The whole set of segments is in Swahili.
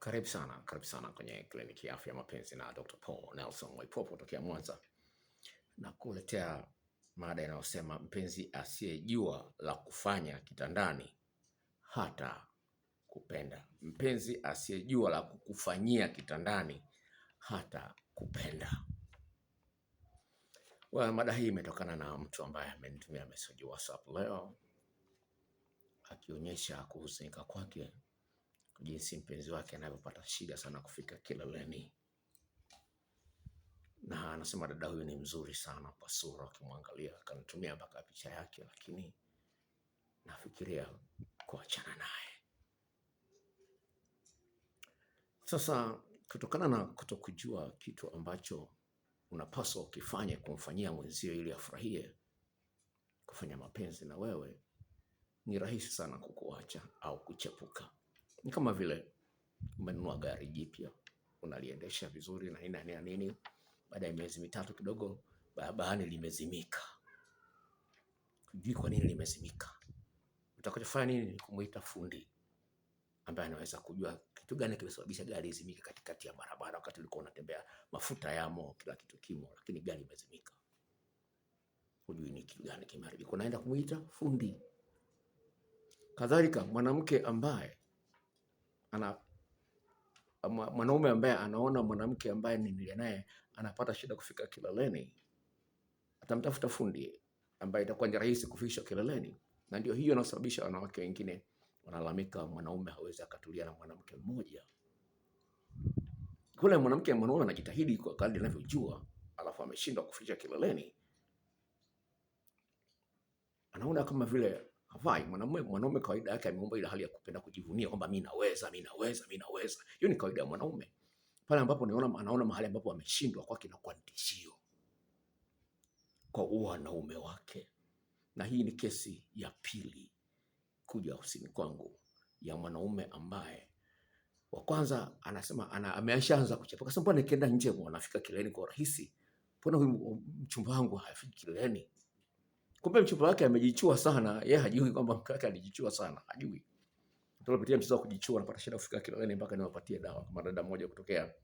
Karibu sana, karibu sana kwenye kliniki ya afya mapenzi na Dr. Paul Nelson Mwaipopo tokea Mwanza, na kuletea mada inayosema mpenzi asiyejua la kufanya kitandani hata kupenda. Mpenzi asiyejua la kukufanyia kitandani hata kupenda. Well, mada hii imetokana na mtu ambaye amenitumia message WhatsApp leo akionyesha kuhusika kwake jinsi mpenzi wake anavyopata shida sana kufika kileleni, na anasema dada huyu ni mzuri sana kwa sura, ukimwangalia. Akanitumia mpaka picha yake, lakini nafikiria kuachana naye. Sasa kutokana na kutokujua kitu ambacho unapaswa ukifanye kumfanyia mwenzio ili afurahie kufanya mapenzi na wewe, ni rahisi sana kukuacha au kuchepuka. Ni kama vile umenunua gari jipya unaliendesha vizuri na nini na nini, baada ya miezi mitatu kidogo barabarani limezimika. Hujui kwa nini limezimika. Utakachofanya nini? ni Kumuita fundi ambaye anaweza kujua kitu gani kimesababisha gari izimike katikati ya barabara, wakati ulikuwa unatembea, mafuta yamo, kila kitu kimo, lakini gari imezimika. Hujui ni kitu gani kimeharibika, unaenda kumuita fundi. Kadhalika mwanamke ambaye ana mwanaume ambaye anaona mwanamke ambaye ni naye anapata shida kufika kileleni, atamtafuta fundi ambaye itakuwa ni rahisi kufikisha kileleni, na ndio hiyo inasababisha wanawake wengine wanalalamika, mwanaume hawezi akatulia na mwanamke mmoja. Kule mwanamke mwanaume anajitahidi kwa kadri anavyojua, alafu ameshindwa kufikisha kileleni, anaona kama vile Hafai mwanamume mwanamume kawaida yake ameomba ile hali ya kupenda kujivunia kwamba mimi naweza, mimi naweza, mimi naweza. Hiyo ni kawaida ya mwanaume. Pale ambapo anaona anaona mahali ambapo ameshindwa kwake na kwa tishio kwa uanaume wake. Na hii ni kesi ya pili kuja ofisini kwangu ya mwanaume ambaye wa kwanza anasema ana, ameshaanza kuchepa kwa sababu nikienda nje bwana nafika kwa urahisi? Mbona huyu mchumba wangu hafiki kileleni? Kumbe mchumba wake amejichua sana, yeye hajui kwamba mke wake alijichua sana, hajui. Tunapitia mchezo wa kujichua, napata shida kufika kileleni mpaka niwapatie dawa. Kama dada mmoja kutokea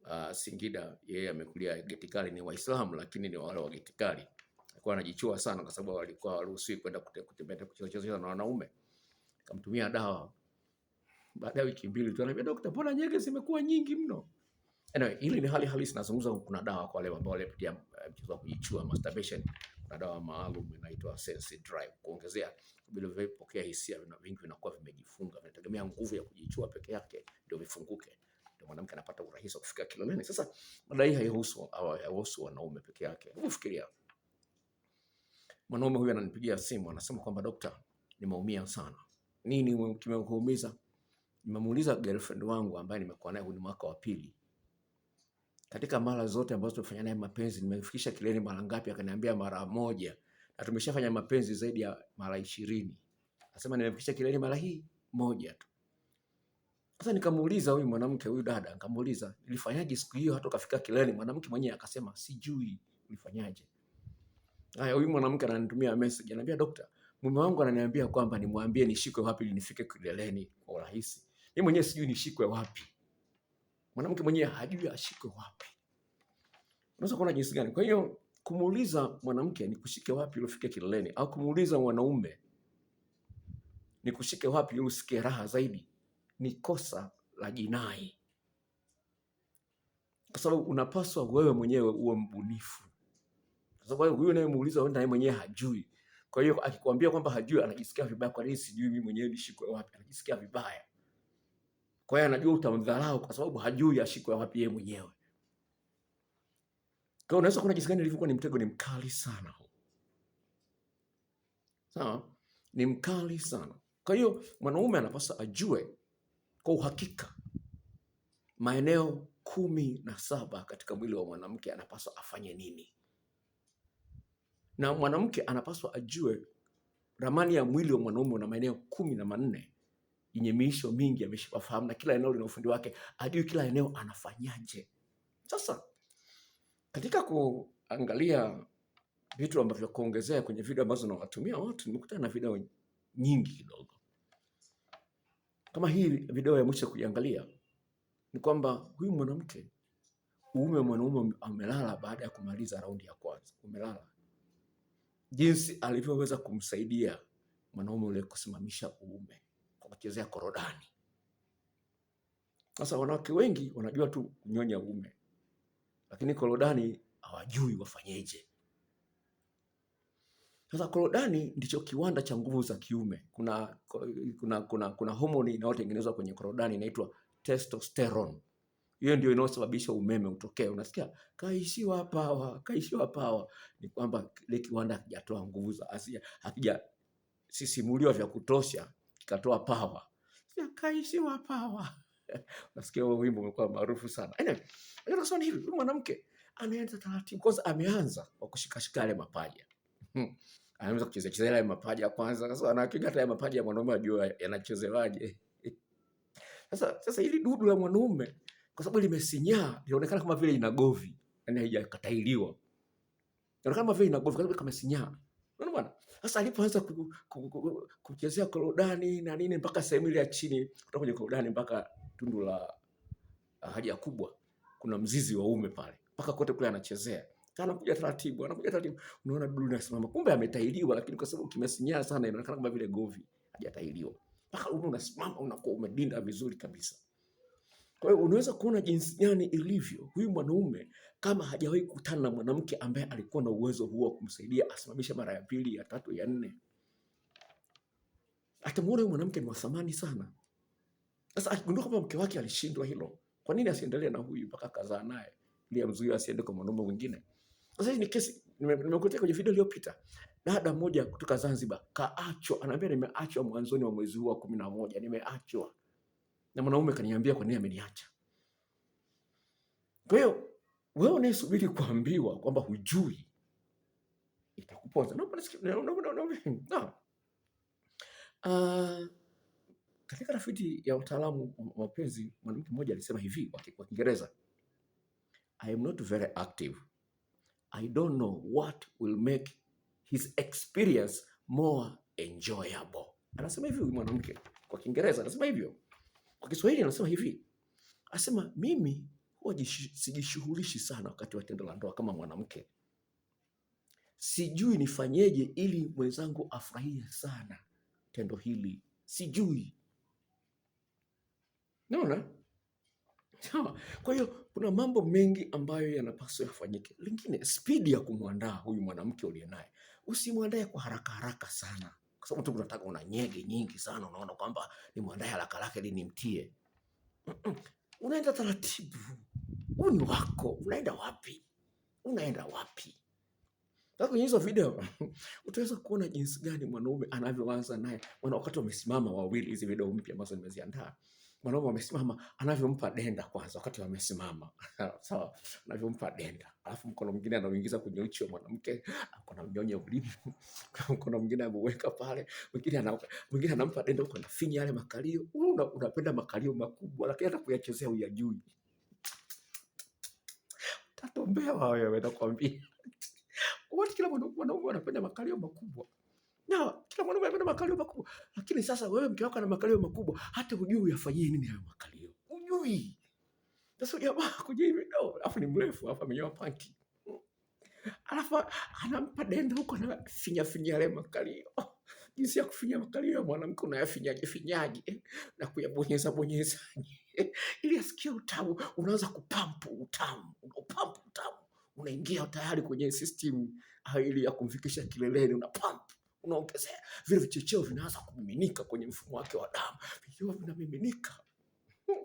uh, Singida, yeye amekulia Getikali, ni Waislamu lakini ni wale wa Getikali. Alikuwa anajichua sana kwa sababu alikuwa haruhusiwi kwenda kutembea kucheza na wanaume. Kamtumia dawa. Baada ya wiki mbili tu anambia daktari, mbona nyege zimekuwa nyingi mno? Anyway, hili ni hali halisi, nazungumza kuna dawa kwa wale ambao walipitia eh, mchezo wa kujichua masturbation na dawa maalum inaitwa sense Drive kuongezea vile vinavyopokea hisia na vingi vinakuwa vimejifunga, vinategemea nguvu ya kujichua peke yake ndio vifunguke, ndio mwanamke anapata urahisi wa kufika kileleni. Sasa madai haihusu haihusu wanaume peke yake. Hebu fikiria, mwanaume huyu ananipigia simu anasema kwamba dokta, nimeumia sana. Nini kimekuumiza? Nimemuuliza girlfriend wangu ambaye nimekuwa naye huu mwaka wa pili katika mara zote ambazo tumefanya naye mapenzi nimefikisha kileni mara ngapi? Akaniambia mara moja, na tumeshafanya mapenzi zaidi ya mara ishirini. Akasema nimefikisha kileni mara hii moja tu. Sasa nikamuuliza huyu mwanamke, huyu dada, nikamuuliza ulifanyaje siku hiyo hata ukafika kileni? Mwanamke mwenyewe akasema sijui ulifanyaje. Haya, huyu mwanamke ananitumia message, ananiambia daktari, mume wangu ananiambia kwamba nimwambie nishikwe wapi ili nifike kileleni kwa urahisi. Yeye mwenyewe sijui nishikwe wapi mwanamke mwenyewe hajui ashike wapi. Unaweza kuona jinsi gani? Kwa hiyo kumuuliza mwanamke ni kushike wapi ulifikia kileleni, au kumuuliza mwanaume ni kushike wapi usikie raha zaidi, ni kosa la jinai, kwa sababu unapaswa wewe mwenyewe uwe mbunifu, kwa sababu huyo wewe, naye mwenyewe hajui. Kwa hiyo akikwambia kwamba hajui, anajisikia vibaya. Kwa nini sijui mimi mwenyewe nishikwe wapi? Anajisikia vibaya. Kwa hiyo anajua utamdharau kwa sababu hajui ya wapi yeye mwenyewe. Kwa unaweza kuona jinsi gani ilivyokuwa ni mtego ni mkali sana huu. Sawa? Ni mkali sana. Kwa hiyo mwanaume anapaswa ajue kwa uhakika maeneo kumi na saba katika mwili wa mwanamke anapaswa afanye nini, na mwanamke anapaswa ajue ramani ya mwili wa mwanaume na maeneo kumi na manne yenye miisho mingi ameshafahamu, na kila eneo lina ufundi wake, ajui kila eneo anafanyaje. Sasa katika kuangalia vitu ambavyo kuongezea kwenye video ambazo nawatumia watu, nimekutana na video nyingi kidogo. Kama hii video ya mwisho kuiangalia, ni kwamba huyu mwanamke uume mwanaume amelala baada ya kumaliza raundi ya kwanza, umelala, jinsi alivyoweza kumsaidia mwanaume ule kusimamisha uume wanachezea korodani. Sasa wanawake wengi wanajua tu kunyonya uume, lakini korodani hawajui wafanyeje. Sasa korodani ndicho kiwanda cha nguvu za kiume. Kuna, kuna, kuna, kuna homoni inayotengenezwa kwenye korodani inaitwa testosterone. Hiyo ndio inayosababisha umeme utokee. Unasikia kaishiwa pawa, kaishiwa pawa, ni kwamba ile kiwanda hakijatoa nguvu za asia, hakijasimuliwa vya kutosha kikatoa pawa, nakaishiwa pawa. Nasikia huo wimbo umekuwa maarufu sana. Anasema hivi, huyu mwanamke anaenda taratibu kwanza, ameanza kwa kushikashika yale mapaja hmm. Anaanza kuchezea chezea yale mapaja kwanza, sasa anapiga hata mapaja ya mwanaume ajua yanachezewaje. Sasa sasa hili dudu la mwanaume kwa sababu limesinyaa, linaonekana kama vile inagovi, yani haijakatailiwa, inaonekana kama vile inagovi kwa sababu kama sinyaa Unaona bwana? Sasa alipoanza kumchezea korodani na nini mpaka sehemu ile ya chini kutoka kwenye korodani mpaka tundu la haja kubwa, kuna mzizi wa ume pale, mpaka kote kule anachezea anakuja taratibu, anakuja taratibu, unaona dudu unasimama. Kumbe ametahiriwa, lakini kwa sababu kimesinyaa sana, inaonekana kama vile govi hajatahiriwa, mpaka ume unasimama, unakuwa umedinda vizuri kabisa. Kwa hiyo unaweza kuona jinsi gani ilivyo huyu mwanaume kama hajawahi kukutana na mwanamke ambaye alikuwa na uwezo huo wa kumsaidia asimamishe mara ya pili, ya tatu, ya nne. Atamuona huyu mwanamke ni wa thamani sana. Sasa akigundua kwamba mke wake alishindwa hilo, kwa nini asiendelee na huyu mpaka kazaa naye ili amzuie asiende kwa mwanaume mwingine? Sasa hii ni kesi nimekuletea kwenye video iliyopita. Dada mmoja kutoka Zanzibar kaachwa, anaambia nimeachwa mwanzoni wa mwezi huu wa kumi na moja, nimeachwa na mwanaume kaniambia kwa nini ameniacha. Kwa hiyo wewe unayesubiri kuambiwa kwamba hujui itakuponza no, no, no, no. Uh, katika tafiti ya wataalamu wa mapenzi mwanamke mmoja alisema hivi kwa Kiingereza, I am not very active. I don't know what will make his experience more enjoyable. Anasema hivyo mwanamke kwa Kiingereza, anasema hivyo kwa Kiswahili anasema hivi, mm-hmm. asema mimi huwa sijishughulishi sana wakati wa tendo la ndoa kama mwanamke, sijui nifanyeje ili mwenzangu afurahie sana tendo hili, sijui. Naona sawa. Kwa hiyo kuna mambo mengi ambayo yanapaswa yafanyike. Lingine, spidi ya kumwandaa huyu mwanamke uliye naye, usimwandae kwa haraka haraka sana kwa sababu tu unataka una nyege nyingi sana, unaona kwamba ni mwandae haraka haraka ili nimtie. Unaenda taratibu, huu ni wako. Unaenda wapi? Unaenda wapi? Sasa kwenye hizo video utaweza kuona jinsi gani mwanaume anavyoanza naye, wakati wamesimama wawili. Hizi video mpya ambazo nimeziandaa mwanaume amesimama, anavyompa denda kwanza, wakati wamesimama sawa, anavyompa denda, alafu mkono mwingine anauingiza kwenye uchi wa mwanamke, anamnyonya ulimi, mkono mwingine ameweka pale, mwingine anampa denda huko, anafinya yale makalio. Unapenda makalio makubwa, lakini hata kuyachezea uyajui. Tatombewa wewe, nakwambia. Kila mwanaume anapenda makalio makubwa na kila mwanaume ana makalio makubwa, lakini sasa wewe mke wako ana makalio makubwa, hata hujui uyafanyie nini hayo makalio, hujui. Sasa jamaa kuja hivi ndo, alafu ni mrefu, alafu amenyoa panti, alafu anampa denda huko na finya finya ile makalio jinsi ya kufinya makalio ya mwanamke unayafinyaje finyaje eh? na kuyabonyeza bonyezaje eh? ili asikie utamu. Unaanza kupampu utamu, unapampu utamu, unaingia tayari kwenye system ah, ili ya kumfikisha kileleni, unapampu unaongezea, vile vichocheo vinaanza kumiminika kwenye mfumo wake wa damu, vikiwa vinamiminika.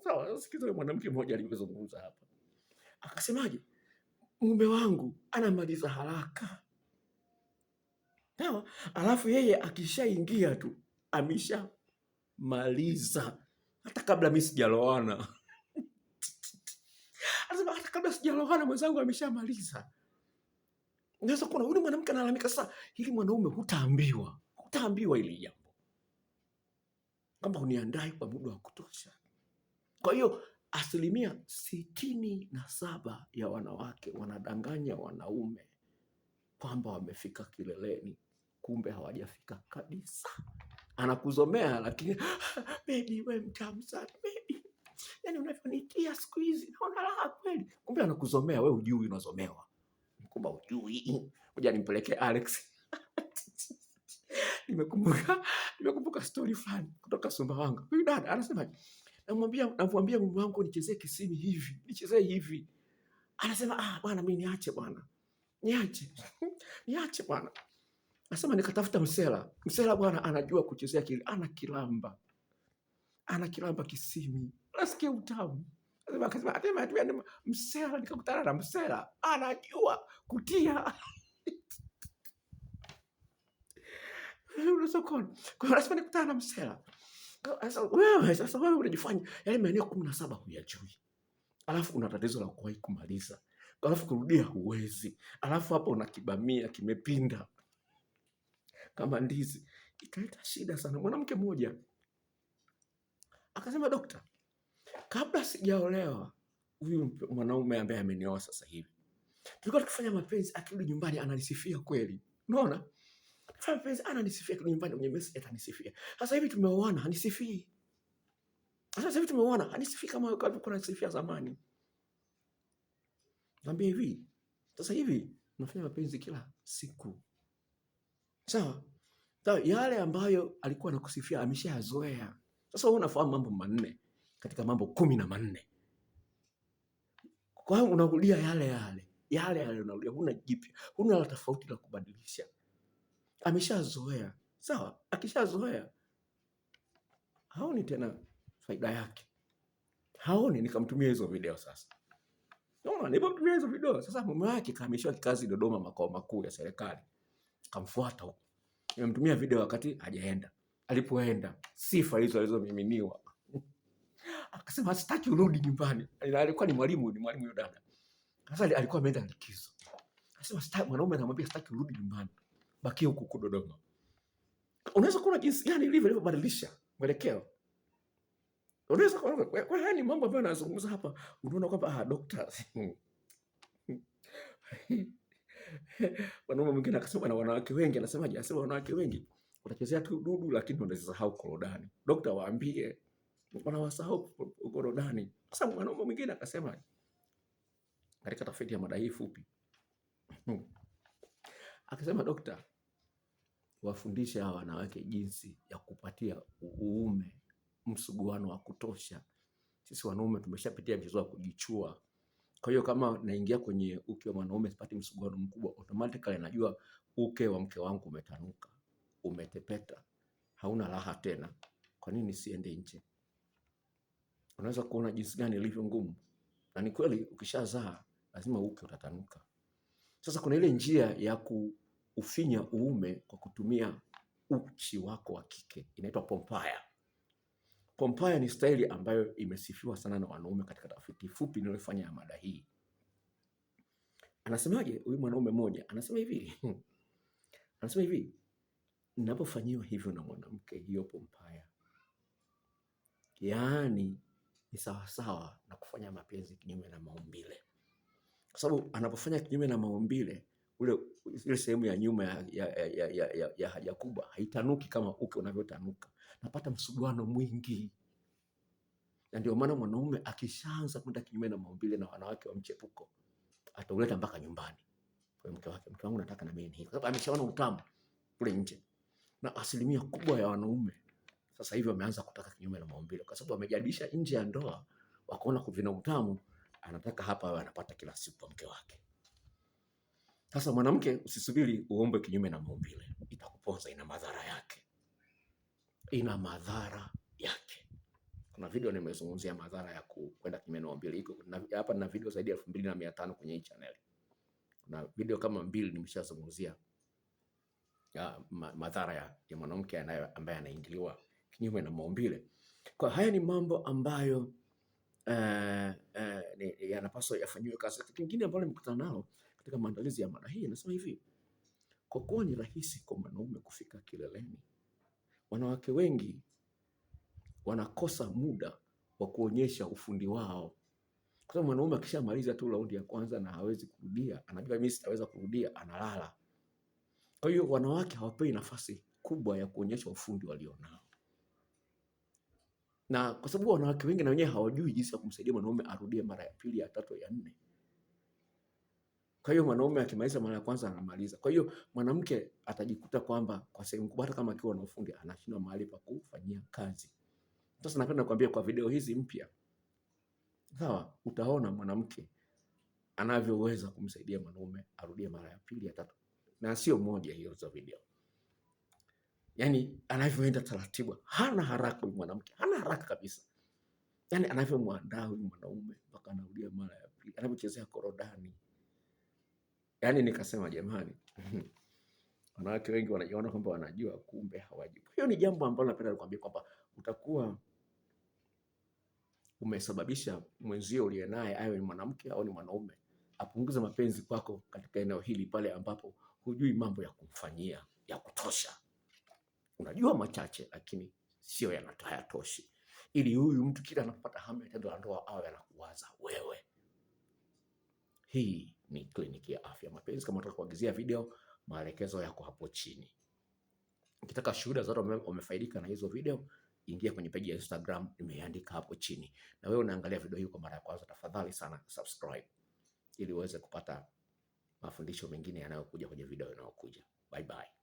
Sawa, sikiza mwanamke mmoja alivyozungumza hapa, akasemaje? Mume wangu anamaliza haraka, sawa, alafu yeye akishaingia tu ameshamaliza, hata kabla mimi sijaloana. Anasema hata kabla sijaloana mwenzangu ameshamaliza. Unaweza kuona huyu mwanamke analalamika. Sasa hili mwanaume, hutaambiwa hutaambiwa hili jambo kama uniandae kwa muda wa kutosha. Kwa hiyo asilimia sitini na saba ya wanawake wanadanganya wanaume kwamba wamefika kileleni, kumbe hawajafika kabisa. Anakuzomea lakini ah, bebi, we mtamu sana yani unavyonitia siku hizi naona raha kweli, kumbe anakuzomea we, ujui unazomewa Mkumba ujui, moja nimpeleke Alex. Nimekumbuka, nimekumbuka story fulani kutoka Sumbawanga. Huyu dada anasema namwambia, namwambia mume wangu nichezee kisimi hivi, nichezee hivi. Anasema ah, bwana mimi niache bwana, niache niache bwana. Anasema nikatafuta msela, msela bwana anajua kuchezea kile, ana kilamba, ana kilamba kisimi, nasikia utamu Akasema hata msela, nikakutana na msela anajua kutia sokoni. Kwa lazima nikutana na msela. Sasa wewe sasa wewe unajifanya yale yaani maeneo kumi na saba huyajui, alafu una tatizo la kuwahi kumaliza, alafu kurudia huwezi, alafu hapo unakibamia kimepinda kama ndizi, ikaleta shida sana. Mwanamke mmoja akasema, dokta kabla sijaolewa, huyu mwanaume ambaye amenioa sasa hivi, tulikuwa tukifanya mapenzi, akirudi nyumbani ananisifia kweli, unaona mapenzi ananisifia kirudi nyumbani kwenye message atanisifia. Sasa hivi tumeoana hanisifii, sasa hivi tumeoana hanisifii kama alikuwa anisifia zamani. Naambia hivi sasa hivi nafanya mapenzi kila siku, sawa sawa. Yale ambayo alikuwa anakusifia ameshayazoea. Sasa wewe unafahamu mambo manne katika mambo kumi na manne. Kwa hiyo unarudia yale yale yale yale, unarudia, huna jipya, huna la tofauti la kubadilisha. Ameshazoea, sawa. Akishazoea haoni tena faida yake, haoni. Nikamtumia hizo video sasa nilipomtumia hizo video sasa, mume wake kaamishwa kikazi Dodoma, makao makuu ya serikali. Kamfuata huko, nimemtumia video wakati hajaenda. Alipoenda sifa hizo alizomiminiwa akasema sitaki urudi nyumbani. Alikuwa ni mwalimu, ni mwalimu yule dada. Sasa alikuwa ameenda likizo. Akasema sitaki, mwanaume anamwambia sitaki urudi nyumbani. Baki huko Dodoma. Unaweza kuona jinsi gani yani ilivyobadilisha mwelekeo. Unaweza kuona kwa haya ni mambo ambayo anazungumza hapa, unaona kwamba ah, dokta mwanaume mwingine akasema na wanawake wengi, anasemaje? Anasema wanawake wengi utachezea tu dudu, lakini unazisahau korodani. Dokta waambie wanawasahau korodani. Sasa mwanaume mwingine akasema katika tafiti ya madai fupi hmm. Akasema dokta, wafundishe hawa wanawake jinsi ya kupatia uume msuguano wa kutosha. Sisi wanaume tumeshapitia mchezo wa kujichua. Kwa hiyo kama naingia kwenye uke wa mwanaume sipati msuguano mkubwa, automatically najua uke wa mke wangu umetanuka, umetepeta, hauna raha tena. Kwa nini siende nje? unaweza kuona jinsi gani ilivyo ngumu, na ni kweli, ukishazaa lazima uke utatanuka. Sasa kuna ile njia ya kuufinya uume kwa kutumia uchi wako wa kike, inaitwa pompaya. Pompaya ni staili ambayo imesifiwa sana na wanaume katika tafiti fupi niliyofanya ya mada hii. Anasemaje huyu mwanaume mmoja? Anasema hivi anasema hivi, ninapofanyiwa hivyo na mwanamke hiyo pompaya, yaani ni sawasawa na kufanya mapenzi kinyume na maumbile, kwa sababu anapofanya kinyume na maumbile ule ile sehemu ya nyuma ya, ya, ya, ya, ya, ya haja kubwa haitanuki kama uke unavyotanuka, napata msuguano mwingi. Na ndio maana mwanaume akishaanza kwenda kinyume na maumbile na wanawake wa mchepuko atauleta mpaka nyumbani kwa mke wake, mke wangu nataka na mimi kwa sababu ameshaona utamu kule nje, na asilimia kubwa ya wanaume sasa hivi wameanza kutaka kinyume na maumbile, kwa sababu wamejaribisha nje ya ndoa, wakaona kuvina utamu, anataka hapa awe anapata kila siku kwa mke wake. Sasa mwanamke, usisubiri uombe kinyume na maumbile, itakuponza. Ina madhara yake, ina madhara yake. Kuna video nimezungumzia madhara ya kwenda kinyume na maumbile, iko hapa na video zaidi ya elfu mbili na mia tano kwenye hii channel. Kuna video kama mbili nimeshazungumzia ya madhara ya mwanamke ambaye anaingiliwa kinyume na maumbile. Kwa haya ni mambo ambayo uh, uh, yanapaswa yafanyiwe kazi. Kitu kingine ambalo nimekutana nalo katika maandalizi ya mada hii nasema hivi, kwa kuwa ni rahisi kwa mwanaume kufika kileleni, wanawake wengi wanakosa muda wa kuonyesha ufundi wao, kwa sababu mwanaume akishamaliza tu raundi ya kwanza na hawezi kurudia, anajua mimi sitaweza kurudia, analala. Kwa hiyo wanawake hawapewi nafasi kubwa ya kuonyesha ufundi walionao na kwa sababu wanawake wengi na wenyewe hawajui jinsi ya kumsaidia mwanaume arudie mara ya pili, ya tatu, ya nne. Kwa hiyo mwanaume akimaliza mara ya kwanza anamaliza. Kwa hiyo mwanamke atajikuta kwamba kwa sehemu kubwa, hata kama akiwa na ufundi, anashindwa mahali pa kufanyia kazi. Sasa napenda kuambia kwa video hizi mpya, sawa, utaona mwanamke anavyoweza kumsaidia mwanaume arudie mara ya pili, ya tatu, na sio moja hiyo za video yani anavyoenda taratibu, hana haraka huyu mwanamke, hana haraka kabisa. Yani anavyomwandaa huyu mwanaume mpaka anarudia mara ya pili, anavyochezea korodani. Yani nikasema jamani, wanawake wengi wanajiona kwamba wanajua, kumbe hawajui. Hiyo ni jambo ambalo napenda kukuambia kwamba utakuwa umesababisha mwenzio uliye naye awe ni mwanamke au ni mwanaume apunguze mapenzi kwako katika eneo hili, pale ambapo hujui mambo ya kumfanyia ya kutosha unajua machache, lakini sio hayatoshi, ili huyu mtu kila anapata hamu ya tendo la ndoa awe anakuwaza wewe. Hii ni kliniki ya afya mapenzi. Kama unataka kuagizia video, maelekezo yako hapo chini. Ukitaka shuhuda zote umefaidika na hizo video, ingia kwenye page ya Instagram imeandika hapo chini. Na wewe unaangalia video hii kwa mara ya kwanza, tafadhali sana subscribe ili uweze kupata mafundisho mengine yanayokuja kwenye video inayokuja. Bye bye.